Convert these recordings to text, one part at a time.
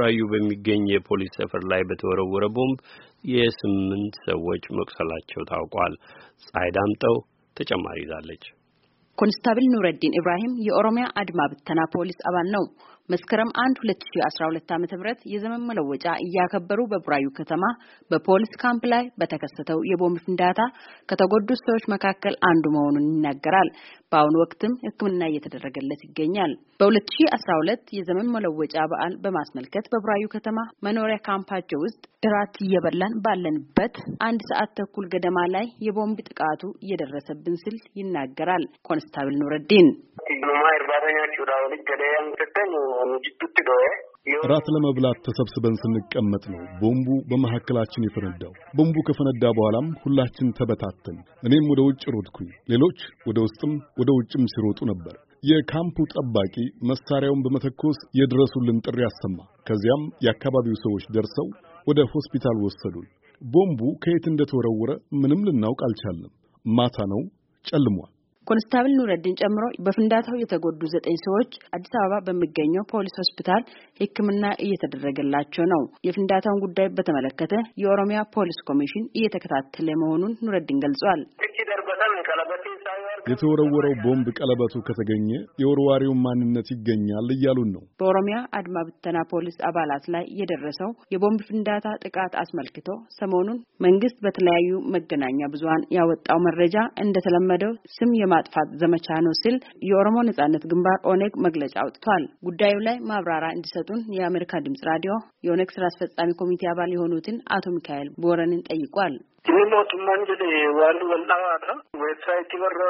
ቡራዩ በሚገኝ የፖሊስ ሰፈር ላይ በተወረወረ ቦምብ የስምንት ሰዎች መቁሰላቸው ታውቋል። ፀሐይ ዳምጠው ተጨማሪ ይዛለች። ኮንስታብል ኑረዲን ኢብራሂም የኦሮሚያ አድማ ብተና ፖሊስ አባል ነው። መስከረም 1 2012 ዓ.ም የዘመን መለወጫ እያከበሩ በቡራዩ ከተማ በፖሊስ ካምፕ ላይ በተከሰተው የቦምብ ፍንዳታ ከተጎዱት ሰዎች መካከል አንዱ መሆኑን ይናገራል። በአሁኑ ወቅትም ሕክምና እየተደረገለት ይገኛል። በ2012 የዘመን መለወጫ በዓል በማስመልከት በቡራዩ ከተማ መኖሪያ ካምፓቸው ውስጥ ድራት እየበላን ባለንበት አንድ ሰዓት ተኩል ገደማ ላይ የቦምብ ጥቃቱ እየደረሰብን ሲል ይናገራል ኮንስታብል ኑረዲን ራት ለመብላት ተሰብስበን ስንቀመጥ ነው ቦምቡ በመካከላችን የፈነዳው። ቦምቡ ከፈነዳ በኋላም ሁላችን ተበታተን፣ እኔም ወደ ውጭ ሮድኩኝ። ሌሎች ወደ ውስጥም ወደ ውጭም ሲሮጡ ነበር። የካምፑ ጠባቂ መሳሪያውን በመተኮስ የድረሱልን ጥሪ አሰማ። ከዚያም የአካባቢው ሰዎች ደርሰው ወደ ሆስፒታል ወሰዱን። ቦምቡ ከየት እንደተወረወረ ምንም ልናውቅ አልቻልንም። ማታ ነው፣ ጨልሟል። ኮንስታብል ኑረዲን ጨምሮ በፍንዳታው የተጎዱ ዘጠኝ ሰዎች አዲስ አበባ በሚገኘው ፖሊስ ሆስፒታል ሕክምና እየተደረገላቸው ነው። የፍንዳታውን ጉዳይ በተመለከተ የኦሮሚያ ፖሊስ ኮሚሽን እየተከታተለ መሆኑን ኑረዲን ገልጿል። የተወረወረው ቦምብ ቀለበቱ ከተገኘ የወርዋሪው ማንነት ይገኛል እያሉን ነው። በኦሮሚያ አድማ ብተና ፖሊስ አባላት ላይ የደረሰው የቦምብ ፍንዳታ ጥቃት አስመልክቶ ሰሞኑን መንግስት በተለያዩ መገናኛ ብዙሀን ያወጣው መረጃ እንደተለመደው ስም የማጥፋት ዘመቻ ነው ሲል የኦሮሞ ነጻነት ግንባር ኦኔግ መግለጫ አውጥቷል። ጉዳዩ ላይ ማብራሪያ እንዲሰጡን የአሜሪካ ድምጽ ራዲዮ የኦኔግ ስራ አስፈጻሚ ኮሚቴ አባል የሆኑትን አቶ ሚካኤል ቦረንን ጠይቋል። ሞቱማን ጅ ዋሉ ዌብሳይት በራ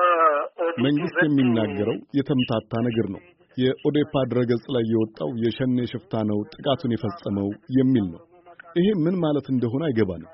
መንግስት የሚናገረው የተምታታ ነገር ነው። የኦዴፓ ድረገጽ ላይ የወጣው የሸኔ ሽፍታ ነው ጥቃቱን የፈጸመው የሚል ነው። ይሄ ምን ማለት እንደሆነ አይገባንም።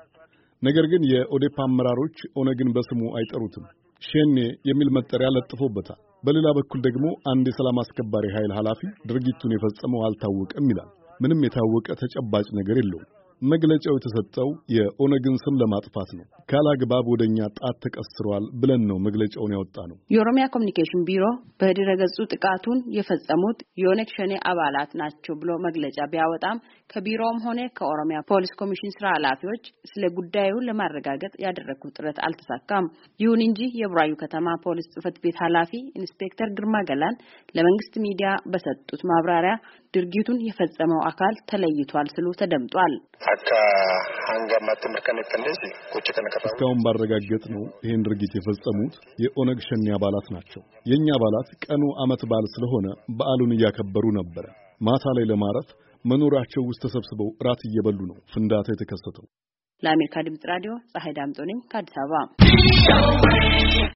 ነገር ግን የኦዴፓ አመራሮች ኦነግን በስሙ አይጠሩትም፣ ሸኔ የሚል መጠሪያ ለጥፎበታል። በሌላ በኩል ደግሞ አንድ የሰላም አስከባሪ ኃይል ኃላፊ ድርጊቱን የፈጸመው አልታወቀም ይላል። ምንም የታወቀ ተጨባጭ ነገር የለውም። መግለጫው የተሰጠው የኦነግን ስም ለማጥፋት ነው። ካላግባብ ወደ እኛ ጣት ተቀስሯል ብለን ነው መግለጫውን ያወጣ ነው። የኦሮሚያ ኮሚኒኬሽን ቢሮ በድረ ገጹ ጥቃቱን የፈጸሙት የኦነግ ሸኔ አባላት ናቸው ብሎ መግለጫ ቢያወጣም ከቢሮውም ሆነ ከኦሮሚያ ፖሊስ ኮሚሽን ስራ ኃላፊዎች ስለ ጉዳዩ ለማረጋገጥ ያደረግኩት ጥረት አልተሳካም። ይሁን እንጂ የቡራዩ ከተማ ፖሊስ ጽህፈት ቤት ኃላፊ ኢንስፔክተር ግርማ ገላን ለመንግስት ሚዲያ በሰጡት ማብራሪያ ድርጊቱን የፈጸመው አካል ተለይቷል ስሉ ተደምጧል። እስካሁን ባረጋገጥ ነው ይህን ድርጊት የፈጸሙት የኦነግ ሸኔ አባላት ናቸው። የእኛ አባላት ቀኑ ዓመት በዓል ስለሆነ በዓሉን እያከበሩ ነበረ። ማታ ላይ ለማረፍ መኖሪያቸው ውስጥ ተሰብስበው እራት እየበሉ ነው ፍንዳታ የተከሰተው። ለአሜሪካ ድምፅ ራዲዮ ፀሐይ ዳምጦ ነኝ ከአዲስ አበባ